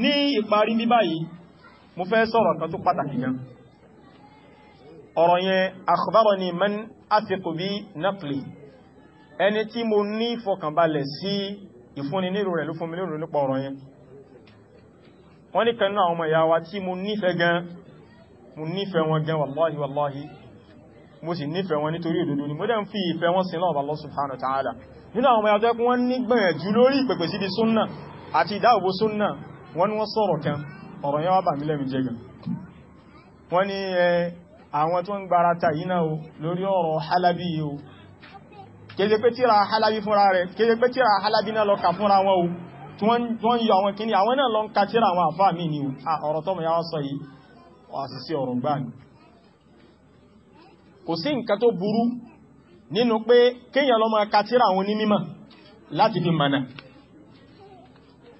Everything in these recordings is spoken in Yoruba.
ní ìparí ní báyìí mo fẹ́ sọ̀rọ̀ kan tó pàtàkì gan ọ̀rọ̀ yẹn akhbarani man athiqu bi naqli ẹni tí mo ní fọkànbalẹ̀ sí ìfúnni nílò rẹ̀ ló fún mi lérò nípa ọ̀rọ̀ yẹn wọ́n ní kan mo nífẹ̀ẹ́ gan mo nífẹ̀ẹ́ wọn gan wallahi wallahi mo sì ni mo dẹ̀ ń fi ìfẹ́ wọn sin lọ́wọ́ Allah ta'ala nínú àwọn ọmọ ìyá tó ẹkùn wọn nígbẹ̀ẹ́jú lórí ìpẹ̀pẹ̀ síbi súnnà àti ìdáàbò súnnà wọ́n wọ́n sọ̀rọ̀ kan ọ̀rọ̀ yẹn wá bà mí lẹ́mí jẹ́ gan wọ́n ní àwọn tó ń gbára ta yìí náà lórí ọ̀rọ̀ halabi yìí o kéde pé tíra halabi fúnra rẹ̀ kéde náà lọ kà fúnra wọn o tí wọ́n yọ àwọn kíní àwọn náà lọ ń ka tíra àwọn àfá mi ni ọ̀rọ̀ tọ́mọ yà sọ yìí kò sí nǹkan tó burú nínú pé kéèyàn lọ máa ka tíra àwọn onímímọ̀ láti fi mọ̀nà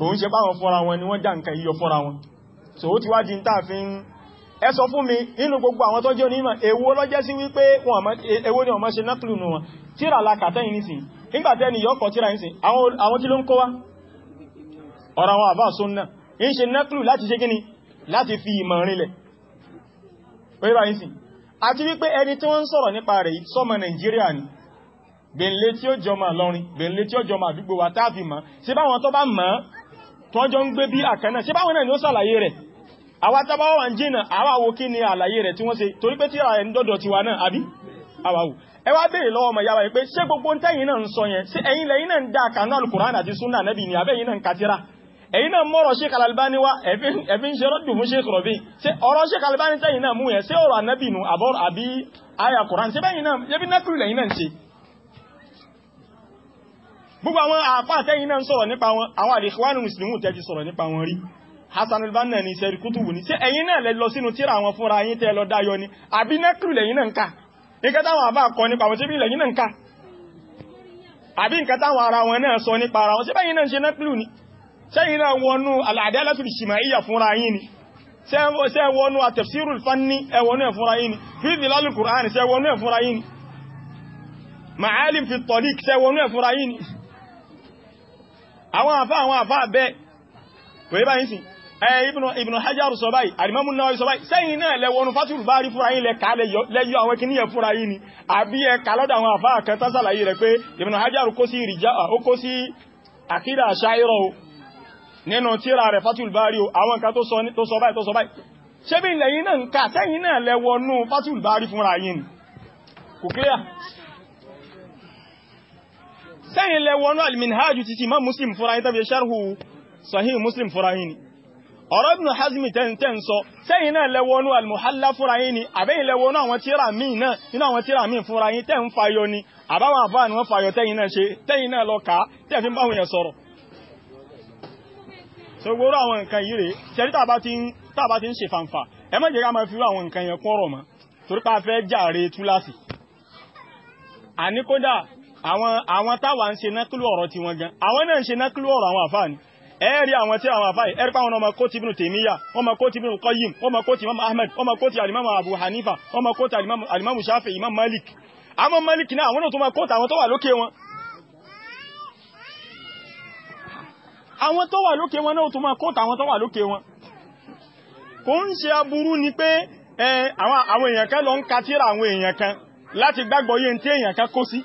kò ń ṣe páwọn fọ́ra wọn ni wọ́n já nǹkan yíyọ fọ́ra wọn so ó ti wá di tá fi ń ẹ fún mi nínú gbogbo àwọn tó jẹ́ onímọ̀ èwo ló jẹ́ sí wípé èwo ni ọmọ ṣe náklù nù wọn tíra alákàtẹ́ yìí nìsìn nígbàtẹ́ ni yọ́kọ̀ tíra yìí sìn àwọn kí ló ń kó wá ọ̀rọ̀ àwọn àbá sunna ń ṣe náklù láti ṣe gíní láti fi ìmọ̀ rinlẹ̀ pẹ́bà yìí sìn tí wọ́n ń sọ̀rọ̀ nípa rẹ̀ ni bèèlé tí ó jọmọ lọrin bèèlé tí ó jọmọ àdúgbò wa táàfì sí báwọn tó bá mọ́ tó jọ ń gbé bí àkànnà ṣe báwọn náà ni ó sàlàyé rẹ̀ àwa tá bá wà ń jìnà àwa wo kí ni àlàyé rẹ̀ tí wọ́n ṣe torí pé tí ara ẹ̀ ń dọ́dọ̀ tiwa náà àbí àwa wò ẹ wá béèrè lọ́wọ́ ọmọ yàwá pé ṣé gbogbo ń katira ẹ̀yin náà mọ́rọ̀ Sheikh Al-Albani wá ẹ̀fí ń ṣe rọ́dù fún Sheikh Rabi ṣé ọ̀rọ̀ Sheikh Al-Albani tẹ́yìn náà mú yẹn ṣé ọ̀rọ̀ ànẹ́bì nù àbí àyà kuran ń ṣe gbogbo àwọn àpáàtẹ́yìn náà ń sọ̀rọ̀ nípa wọn àwọn àdìkwánù mùsùlùmù tẹ́ ti sọ̀rọ̀ nípa wọn rí Hassan al-Banna ni sẹ́rí kútùbù ní ṣé ẹ̀yin náà lẹ lọ sínú tíra àwọn fúnra yín tẹ́ lọ dáyọ ni àbí nẹ́kùrù lẹ́yìn náà ń ká nǹkan táwọn àbá kọ nípa wọn síbí lẹ́yìn náà ń ká àbí nǹkan táwọn ara wọn náà sọ nípa ara wọn síbẹ̀ àwọn àfá àwọn àfá bẹ́ wèé báyìí sí Ibn Hajar sọ báyìí Al-Imamu Nawawi sọ báyìí sẹ́yìn náà lẹ́wọnú Fathul Bari fúra yìí lẹ́ka lẹ́yọ àwọn kìíní yẹ fúra yìí ni àbí ẹka lọ́dọ̀ àwọn àfá kan tán sàlàyé rẹ̀ pé Ibn Hajar kó sí àkídà Ash'ari nínú tíra rẹ̀ Fathul Bari sẹ́yìn lẹ wọnú alìmìnhájú títí ma muslim fúra yìí tàbí ṣarhu sahih muslim fúra yìí ni ọ̀rọ̀ ibn hazmi tẹ́ntẹ́n sọ sẹ́yìn náà lẹ wọnú alìmọ̀hálà fúra yìí ni àbẹ́yìn lẹ wọnú àwọn tíra míì náà nínú àwọn tíra míì fúra yìí tẹ́ ń fayọ ni àbáwọn àbá ni wọ́n fayọ tẹ́yìn náà ṣe tẹ́yìn náà lọ kà á tẹ́fí ń sọ̀rọ̀ àníkódà àwọn àwọn táwa ń ṣe nákìlú ọ̀rọ̀ tí wọ́n gan àwọn náà ń ṣe nákìlú ọ̀rọ̀ àwọn àfáà ni ẹ̀ẹ́rí àwọn tí àwọn àfáà ẹ̀rí pàwọn ọmọ kó ti Ibn Taymiyyah ọmọ kó ti Ibn Qayyim ọmọ kó ti Imam Ahmad ọmọ kó ti alimamu Abu Hanifa ọmọ kó ti alimamu Shafi'i Imam Malik àwọn Malik náà àwọn náà tó máa kó ti àwọn tó wà lókè wọn àwọn tó wà lókè wọn náà tó máa kó ti àwọn tó kò ń ṣe aburú ni pé àwọn èèyàn kan lọ ń ka àwọn èèyàn kan láti gbàgbọ́ yẹn tí èèyàn kan kó sí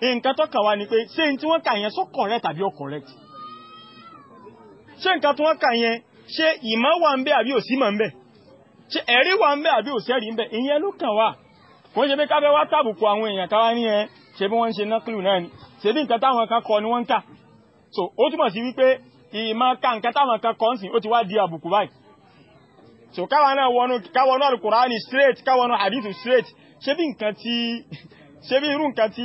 nǹkan tó kàn wá ni pé ṣé n tí wọ́n kà yẹn sọ correct àbí ò correct ṣé nǹkan tí wọ́n kà yẹn ṣé ìmọ̀ wà ń bẹ àbí ò sí mọ̀ ń bẹ ṣé ẹ̀rí wà ń bẹ àbí ò sẹ́rí ń bẹ ìyẹn ló kàn wá kò ṣe pé káfẹ́ wá tàbùkù àwọn èèyàn káwá ní ẹ ṣe bí wọ́n ń ṣe náklù náà ni ṣe bí nǹkan táwọn kan kọ ni wọ́n ń kà so ó túmọ̀ sí wípé ìmọ̀ ká nǹkan táwọn kan kọ́ ń sìn ó ti wá di àbùkù báyìí so káwa náà wọnú káwọnú alukurani straight káwọnú hadithu straight ṣe bí nǹkan tí ṣe bí irú nǹkan tí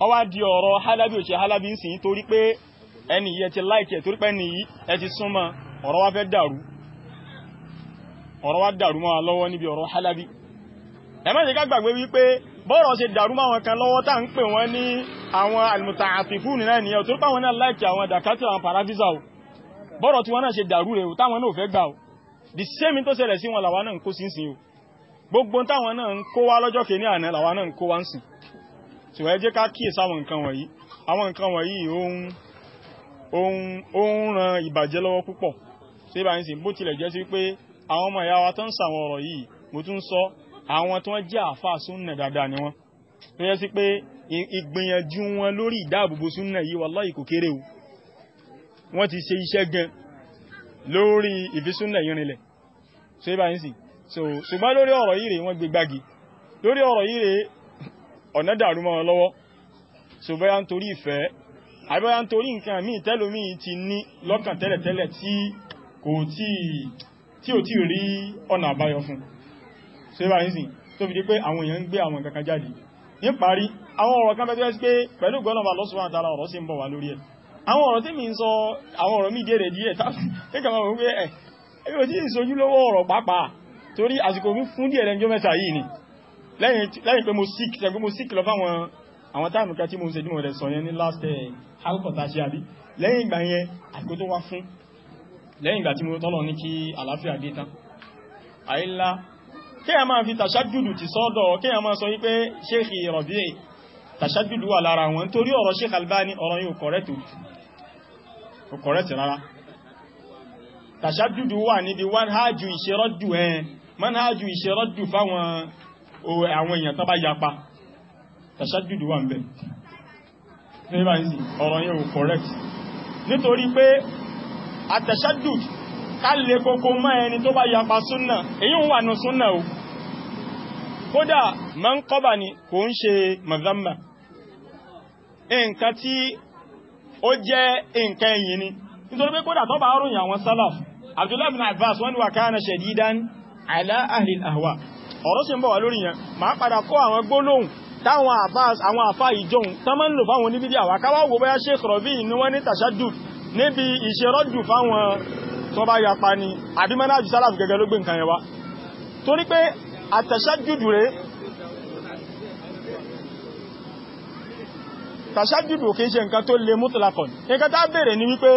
ó wá di ọ̀rọ̀ halabi ò halabi ń sìn torí pé ẹni yìí ẹ ti láìkì ẹ torí pé ẹni yìí ẹ ti súnmọ́ ọ̀rọ̀ wá fẹ́ dàrú ọ̀rọ̀ wá dàrú mọ́ lọ́wọ́ níbi ọ̀rọ̀ halabi ẹ má jẹ́ ká gbàgbé wípé bọ́ọ̀rọ̀ ṣe dàrú mọ́ àwọn kan lọ́wọ́ tá à ń pè wọ́n ní àwọn almutaafifun náà nìyẹn torí pé àwọn náà láìkì àwọn dàkátì àwọn parafisa o the same tó ṣẹlẹ̀ sí wọn làwa náà ń kó sínsìn o gbogbo táwọn náà ń kó so ẹ jẹ́ ká kíyèsí àwọn nǹkan wọ̀nyí àwọn nǹkan wọ̀nyí ohun ohun ohun ran ìbàjẹ́ lọ́wọ́ púpọ̀ ṣé bá ń sìn bó tilẹ̀ jẹ́ sí pé àwọn ọmọ ìyá wa tó ń sàwọn ọ̀rọ̀ yìí mo tún sọ àwọn tí wọ́n jẹ́ àáfàá súnnà dáadáa ni wọ́n tó yẹ sí pé ìgbìyànjú wọn lórí ìdáàbòbò súnnà yìí wallahi kò kéré o wọ́n ti ṣe iṣẹ́ gan lórí ìfisúnnà yìí ṣé bá ń so ṣùgbọ́n lórí ọ̀rọ̀ yìí rèé wọ́n gbé gbági lórí ọ̀rọ̀ yìí rèé ọ̀nà dàrú mọ́ so bóyá ń torí ìfẹ́ àbíbóyá ń torí nǹkan míì ti ní lọ́kàn tẹ́lẹ̀tẹ́lẹ̀ tí kò tí tí ò rí ọ̀nà àbáyọ fún so bá ń sìn tó fi di pé àwọn èèyàn ń gbé àwọn kankan jáde ní parí àwọn ọ̀rọ̀ kan bẹ́tẹ́ sí pé pẹ̀lú eh, torí àsìkò fún lẹ́yìn pé mo sick ṣe pé mo sick lọ fáwọn àwọn táàmù kan tí mo ṣe dímọ̀ rẹ̀ sọ yẹn ní last eh, halkota ṣe àbí lẹ́yìn ìgbà yẹn àgbó tó wá fún lẹ́yìn ìgbà tí mo tọ́lọ̀ ní kí àlàáfíà dé tán àìlá kí a máa fi tàṣájúdù ti sọ́dọ̀ kí a máa sọ wípé Sheikh Rabi'i tàṣájúdù wà lára wọn torí ọ̀rọ̀ Sheikh Albani ọ̀rọ̀ yìí ò kọ̀rẹ́tì rárá tàṣájúdù wà níbi wọ́n hájú ìṣẹ́rọ́dù ẹ̀ eh, mọ́n hájú ìṣẹ́rọ́dù fáwọn àwọn èèyàn tó bá yapa tàṣájúdù wà ń bẹ̀ níbàáyí ọ̀rọ̀ yẹn ò correct nítorí pé àtàṣájúdù ká lè kókó mọ́ ẹni tó bá yapa súnnà èyí ń wà ní súnnà o kódà ma ń kọ́bà ni kò ń ṣe mazamba nǹkan tí ó jẹ́ nǹkan ẹ̀yìn ni nítorí pé kódà tó bá ròyìn àwọn sálàf Abdullahi bin Abbas wọ́n ni wà kana shadidan ala ahli al-ahwa ọ̀rọ̀ sì ń bọ̀ wá lórí yẹn máa padà kọ́ àwọn gbólóhùn táwọn àfá ìjọun tán lò fáwọn oníbídí àwà wo bóyá Sheikh Rabi ni wọ́n ní tàṣádù níbi ìṣerọ́jù fáwọn tó bá yapa ni àbí mẹ́nájú sálàfù gẹ́gẹ́ ló gbé nǹkan yẹn wá torí pé àtàṣájúdù rẹ̀ tàṣájúdù kì í ṣe nǹkan tó le mútùlákọ̀n nǹkan tá bèèrè ni wípé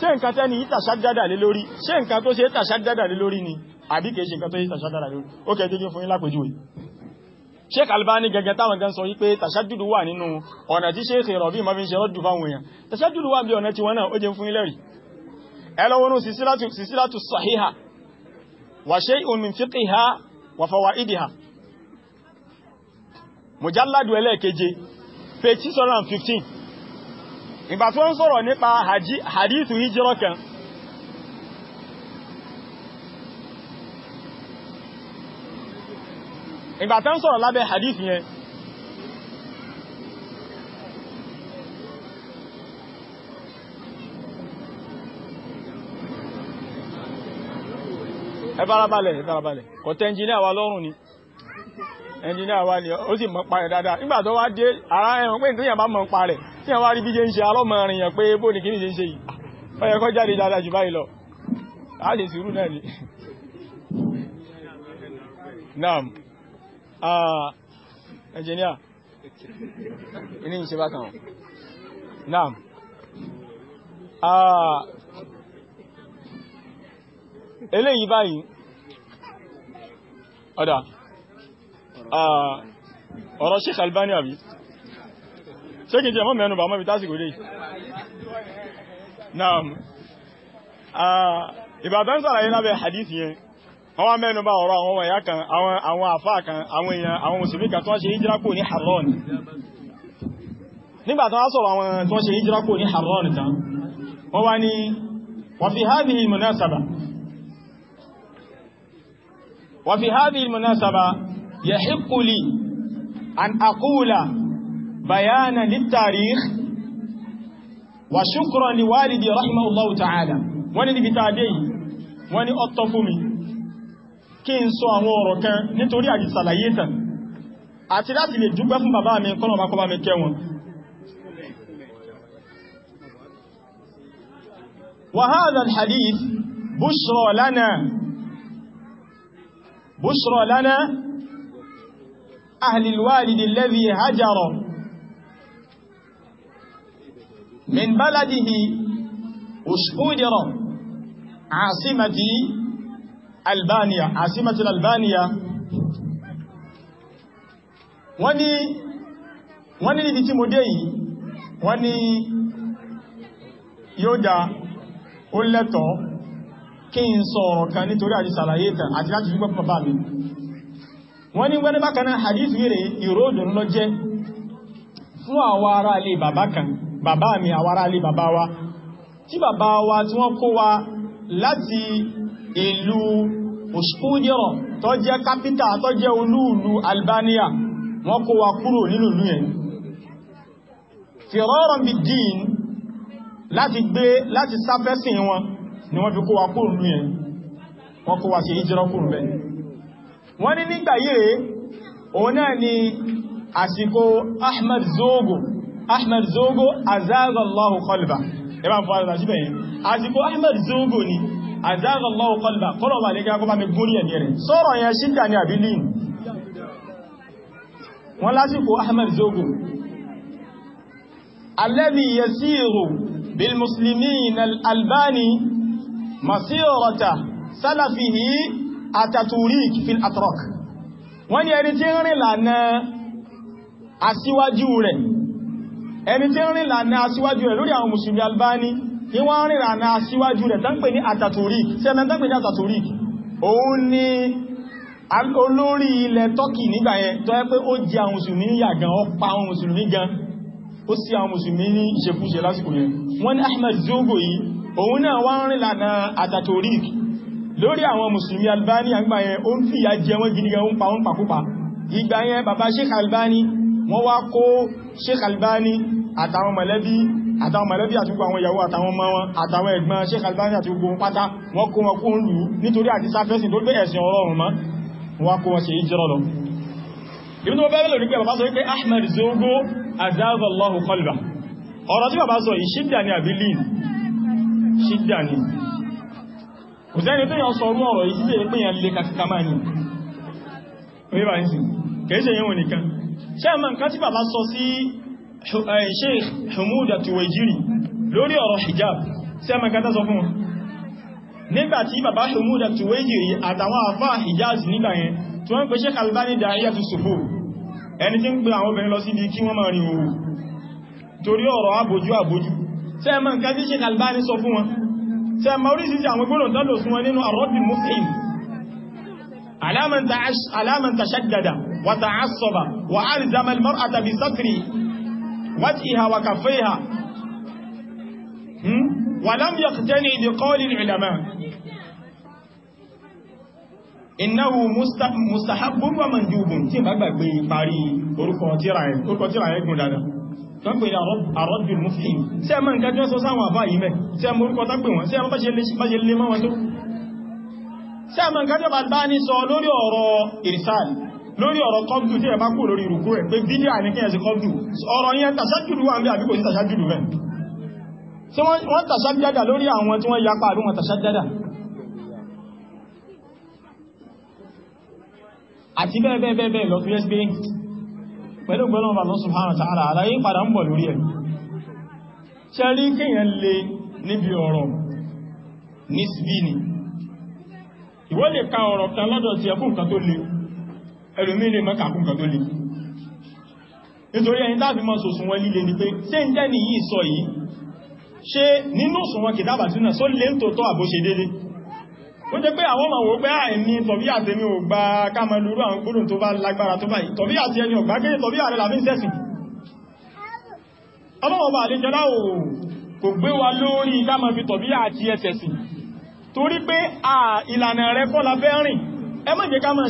ṣé nǹkan tẹ́ni tàṣájádà lé lórí ṣé nǹkan tó ṣe tàṣájádà lé lórí ni àbí kìí ṣe nǹkan tó yí tàṣádàrà lórí ó kẹ́ jẹ́ fún yín lápèjúwe Sheikh Albani gẹ́gẹ́ táwọn gan sọ wípé tàṣájúdù wà nínú ọ̀nà tí Sheikh Rabi ma fi ń ṣe rọ́dù fáwọn èèyàn tàṣájúdù wà bí ọ̀nà tí wọ́n náà ó jẹ́ fún sahiha wa shay'un min fiqhiha wa fawaidiha mujalladu ẹlẹ́ẹ̀keje page 615 ìgbà tó ń sọ̀rọ̀ nípa hadithu ìgbà tán sọ̀rọ̀ lábẹ́ hadith yẹn ẹ farabalẹ̀ kò tẹ́ ẹnjìnlẹ̀ àwa lọ́rùn ni ẹnjìnlẹ̀ àwa ni ó sì mọ̀ pa dáadáa nígbà tó wá dé ara ẹ̀hún pé nítorí àbá mọ̀ pa tí wá rí bí jẹ́ ń ṣe alọ́mọrin yẹn pé ah engineer ini ń ṣe bákan ọ̀ naam ah eléyìí báyìí ah ọ̀rọ̀ Sheikh Albani àbí ṣé kí n jẹ́ mọ́ mẹ́nu bá mọ́ bí tásìkò lè naam ah ìbàbẹ́ ń sàlàyé lábẹ́ hadith yẹn àwọn mẹ́nu bá ọ̀rọ̀ àwọn ọ̀yá kan àwọn àfáà kan àwọn èèyàn àwọn mùsùlùmí kan tó ń ṣe ìjírápò ní Harran nígbà tó wá sọ̀rọ̀ àwọn tó ń ṣe ìjírápò ní Harran tán wọ́n wá ní wàfi hadhihi munasaba wàfi hadhihi an aqula bayana lit-tarikh wa shukran li walidi rahimahullahu ta'ala wọ́n ni níbi tàdé yìí wọ́n ọ̀tọ́ fún mi kí n sọ àwọn ọ̀rọ̀ kan nítorí àti sàlàyé tàn àti láti lè dúpẹ́ fún bàbá mi kọ́nà bá mi kẹwọn wa hadith bushra lana bushra lana ahli al-walid min baladihi ushudira عاصمتي albania asimatul albania Wani, wani wọ́n ní níbi tí mo dé yìí wọ́n ní yóò dá ó lẹ́tọ̀ kí n sọ ọ̀rọ̀ kan nítorí àti sàlàyé tàn àti láti fígbọ́ bàbá mi wọ́n ní gbẹ́ni bákan náà hadith rẹ̀ ìròdùn lọ jẹ́ fún àwa ará ilé bàbá kan bàbá mi àwa ará ilé bàbá wa tí bàbá wa tí wọ́n kó wa láti ìlú Uskudiro tó jẹ́ kápítà tó jẹ́ olúùlú Albania wọ́n kó wa kúrò nínú ìlú yẹn firaran bid-din láti gbé láti sáfẹ́sìn wọn ni wọ́n fi kó wa kúrò nínú yẹn wọ́n kó wa sí hijira kúrò wọ́n ní nígbà yìí ni àsìkò Ahmed Zogo Ahmed Zogo azagallahu qalba ẹbá fọ́ àrẹ́sà síbẹ̀ yìí Ahmed Zogo ni àdáàrà Allahu qalba kọ́lọ̀wà lẹ́gá kọ́ bá mi gún ní ẹ̀mí rẹ̀ sọ́rọ̀ yẹn ṣídà ní àbílín wọ́n lásìkò Ahmed Zogo alladhi yasiru bil muslimin al-albani masirata salafihi ataturik fil atrak wọ́n ni ẹni tí ń rìn lànà ẹni tí ń rìn lànà aṣíwájú rẹ̀ lórí àwọn musulmi albani tí wọ́n rìn rànà síwájú rẹ̀ tán pè ní Atatürk sẹ́mẹ́ tán pè ní Atatürk òun ni olórí ilẹ̀ Tọ́kì nígbà yẹn tó yẹ pé ó jẹ àwọn mùsùlùmí yà gan ó pa àwọn mùsùlùmí gan ó sí àwọn mùsùlùmí ní ìṣekúṣe lásìkò yẹn wọ́n ní Ahmed Zogo yìí òun náà wá rìn lànà Atatürk lórí àwọn mùsùlùmí Albani àgbà yẹn ó ń fìyà jẹ wọ́n gidi gan ó ń pa wọ́n pàkópa ìgbà yẹn bàbá Sheikh Albani wọ́n wá kó Sheikh Albani àtàwọn mọ̀lẹ́bí àtàwọn mọ̀lẹ́bí àti gbogbo àwọn ìyàwó àtàwọn ọmọ wọn àtàwọn ẹ̀gbọ́n Sheikh Albani àti gbogbo pátá wọ́n kó wọn kó ń lù nítorí àti sáfẹ́sìn tó gbé ẹ̀sìn ọ̀rọ̀ mọ́ wọ́n kó wọn ṣe ìjírọ̀ lọ ibi qalba ọ̀rọ̀ tí bàbá ni àbílì ṣídà ni kò sẹ́ni tó yàn sọ̀rọ̀ ọ̀rọ̀ ìsídẹ̀ pé yàn lè kàkàkà máa ní orí bá nǹkan tí bàbá sọ sí Eh, sheikh humuda tuwejiri lórí ọ̀rọ̀ hijab sí ẹmẹ́kẹta sọ fún wọn nígbàtí bàbá humuda tuwejiri àtàwọn àfá hijaz nígbà yẹn tí wọ́n ń pè sheikh albani dáríyà tó sòfò ẹni tí ń pè àwọn obìnrin lọ sí ibi kí wọ́n máa rin òwò torí ọ̀rọ̀ abojú abojú sí ẹmẹ́kẹta tí sheikh albani sọ fún wọn sí وجهها وكفيها ولم يقتني بقول العلماء إنه مستحب ومندوب تي بغبغ بي باري orúkọ tírà ẹ̀ orúkọ tírà ẹ̀ gùn dáadáa tó ń pè àrọ́dùn mufin tí a mọ́ nǹkan jọ́ sọ sáwọn àbá yìí mẹ́ tí a mọ́ orúkọ tápè wọn tí a mọ́ bá ṣe lè mọ́ wọn tó tí a mọ́ nǹkan jọ́ bá ní sọ lórí ọ̀rọ̀ ìrìsáàlì lórí ọ̀rọ̀ kọ́bdù tí ẹ bá kú lórí ìrùkú ẹ̀ pé bídíà ní kí ẹ sí kọ́bdù ọ̀rọ̀ yẹn tàṣájúdù wà ń bí àbíkò sí rẹ̀ tí wọ́n tàṣájúdà lórí àwọn tí wọ́n yapa àbí wọn tàṣájúdà àti bẹ́ẹ̀bẹ́ẹ̀bẹ́ẹ̀ ka ẹlòmí lè mọ́ kàkún kan tó lè nítorí ẹni tàbí mọ́ sòsùn wọn líle ni pé ṣe ń tẹ́ ni yìí sọ yìí ṣe nínú sùn wọn kìtàbà tí náà só lè ń tòótọ́ àbò ṣe dédé ó jẹ́ pé àwọn màwò pé àìní tọ̀bí àti mi ò gba kámẹ́lúrú àwọn gbóòrùn tó bá lágbára tó báyìí tọ̀bí àti ẹni ò gbágbé tọ̀bí ààrẹ làbí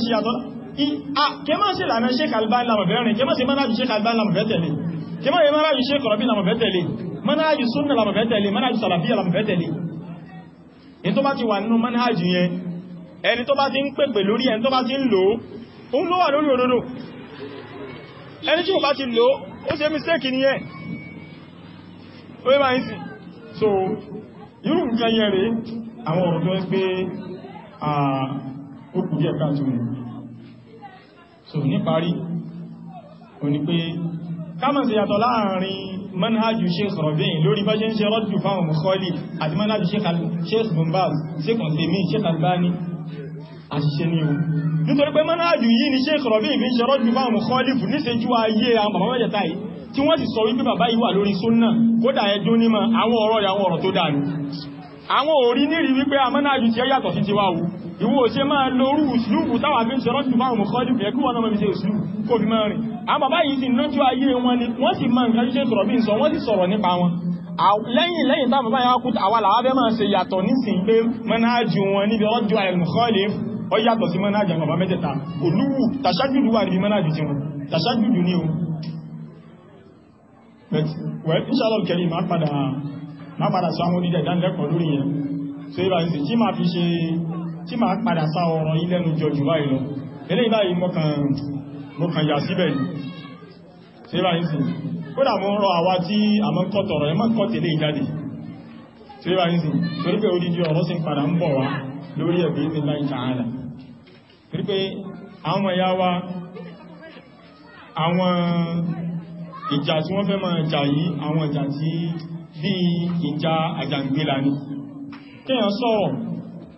sẹ́sìn Ah, kẹmọ́ sí ìlànà Sheikh Albani lámọ̀fẹ́ rìn kẹmọ́ sí mọ́nájú Sheikh Albani lámọ̀fẹ́ tẹ̀lé kẹmọ́ sí mọ́nájú Sheikh Rabi lámọ̀fẹ́ tẹ̀lé mọ́nájú súnnà lámọ̀fẹ́ tẹ̀lé mọ́nájú sàlàfíà lámọ̀fẹ́ tẹ̀lé ẹni tó bá ti wà nínú mọ́nájú yẹn ẹni tó bá ti ń pèpè lórí ẹni tó bá ti ń lò ó ń ló wà lórí òdodo ẹni tí ó bá ti lò ó ṣe mistake ni yẹn ó yẹ́ máa ń sì so irú nǹkan yẹn rèé àwọn ọ̀rọ̀ tó ń pé ah, ó kù díẹ̀ káàtó nù so níparí o ní pé kámọ̀ sí yàtọ̀ láàrin manhajù sheikh rọ̀bìn lórí bá ṣe ń ṣe rọ́dù fáwọn mùsọ́lì àti manhajù sheikh bumbaz sheikh ọ̀sẹ̀mí sheikh albani àṣìṣe ní o nítorí pé manhajù yìí ni sheikh rọ̀bìn fi ń ṣe rọ́dù fáwọn mùsọ́lì fún níṣẹ́jú ayé àwọn bàbá mẹ́jẹta yìí tí wọ́n sì sọ wípé bàbá yìí wà lórí súnnà kódà ẹjọ́ nímọ̀ àwọn ọ̀rọ̀ àwọn ọ̀rọ̀ tó dáa ni àwọn òrí nírí wípé amánájú ti ẹ yàtọ̀ sí ti wá wu ìwọ ṣe máa lórú ìṣlúùbù táwà bí ń ṣe rọ́tù báwọn mọ̀kọ́lù yẹ kí wọ́n náà mẹ́bí ṣe ìṣlúù kò fi máa rìn àwọn bàbá yìí sì tí ó ayé wọn ni wọ́n sì máa nǹkan ṣe sọ̀rọ̀ bí ń sọ wọ́n sì sọ̀rọ̀ nípa wọn lẹ́yìn lẹ́yìn táwọn bàbá yà kúta àwọn làwọn bẹ́ máa ṣe yàtọ̀ nísìn pé mọ́nájú wọn níbi rọ́jù àìmọ̀kọ́lù ó yàtọ̀ well inshallah kẹrin máa padà sọ àwọn onídẹ̀ ìdánilẹ́kọ̀ọ́ lórí yẹn so ibà ń kí máa fi ṣe tí máa padà sá ọ̀rọ̀ yìí lẹ́nu jọjù báyìí lọ eléyìí báyìí mo yà síbẹ̀ ni ṣe báyìí sí kódà mo ń rọ àwa tí a mọ́ kọ́tọ̀rọ̀ ẹ mọ́ kọ́tẹ̀ lè jáde ṣe báyìí sí torí pé odidi ọ̀rọ̀ sì ń padà ń bọ̀ wá lórí ẹ̀bí ní láì wa àwọn ìjà tí wọ́n fẹ́ máa jà yìí àwọn ìjà tí ni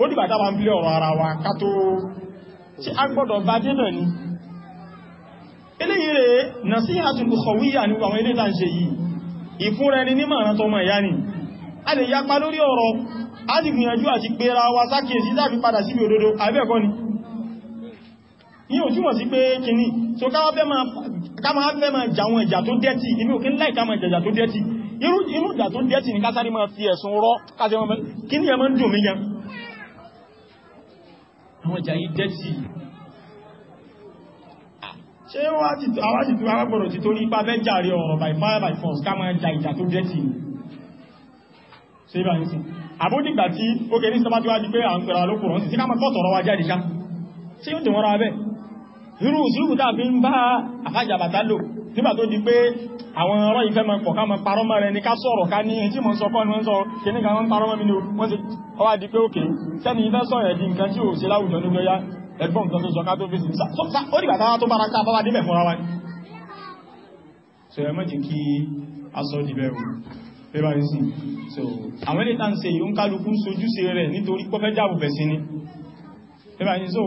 ó dìgbà tá wọ́n bílẹ̀ ọ̀rọ̀ ara wa ká tó tí a gbọ́dọ̀ bá dé náà ni eléyìí rẹ̀ nasihatul ukhawiyya ní àwọn ilé tàn ṣe yìí ìfúnra ẹni nímọ̀ràn tó mọ̀ ìyá ni a lè yapa lórí ọ̀rọ̀ ni ní òtúmọ̀ sí pé kìíní tó káwà fẹ́ máa jàwọn ìjà tó dẹ́tì inú òkín láìka máa jàjà tó dẹ́tì inú ìjà tó dẹ́tì ní kásáré máa fi ẹ̀sùn rọ́ kí ní ẹmọ́ ń dùn mí gan àwọn ìjà yìí dẹ́tì ah, ṣe wá ti àwọn ti tó arábọ̀rọ̀ ti tó ní ipá bẹ́ jàre ọ̀rọ̀ by fire by force ká máa ja ìjà tó dẹ́tì ṣe bá ń sìn àbódìgbà tí ó kẹ́ ní sọmájú wájú pé à ń pẹ̀rọ alókùnrin sí ká máa tọ́tọ̀rọ̀ wa jáde ṣá tí ó dùn wọ́n ra bẹ́ẹ̀ irú ìṣúrù tá a fi ń bá àfájà bàtà lò nígbà tó di pé àwọn ọ̀rọ̀ ìfẹ́ ma pọ̀ ká ma parọ́ mọ́ rẹ̀ ní ká sọ̀rọ̀ ká ní ẹjí mọ̀ sọ́kọ́ ni wọ́n sọ kìíní kan wọ́n parọ́ mọ́ mi ni wọ́n sì ọwá di pé òkè sẹ́ni ìfẹ́ sọ̀rọ̀ ẹ̀dì nǹkan tí ò ṣe láwùjọ ní lọ́yá ẹgbọ́n nǹkan tó sọ ká tó fi sí ó dìgbà táwa tó bára ká so ẹ mọ́jì kí a sọ di bẹ́ẹ̀ bá sí so àwọn ilé tàn ṣe yóò ń kálukú sojú sí rẹ̀ nítorí pọ́fẹ́ jáàbù bẹ̀ ni pé bá so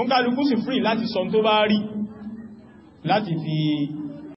ó ń kálukú sí free láti sọ tó bá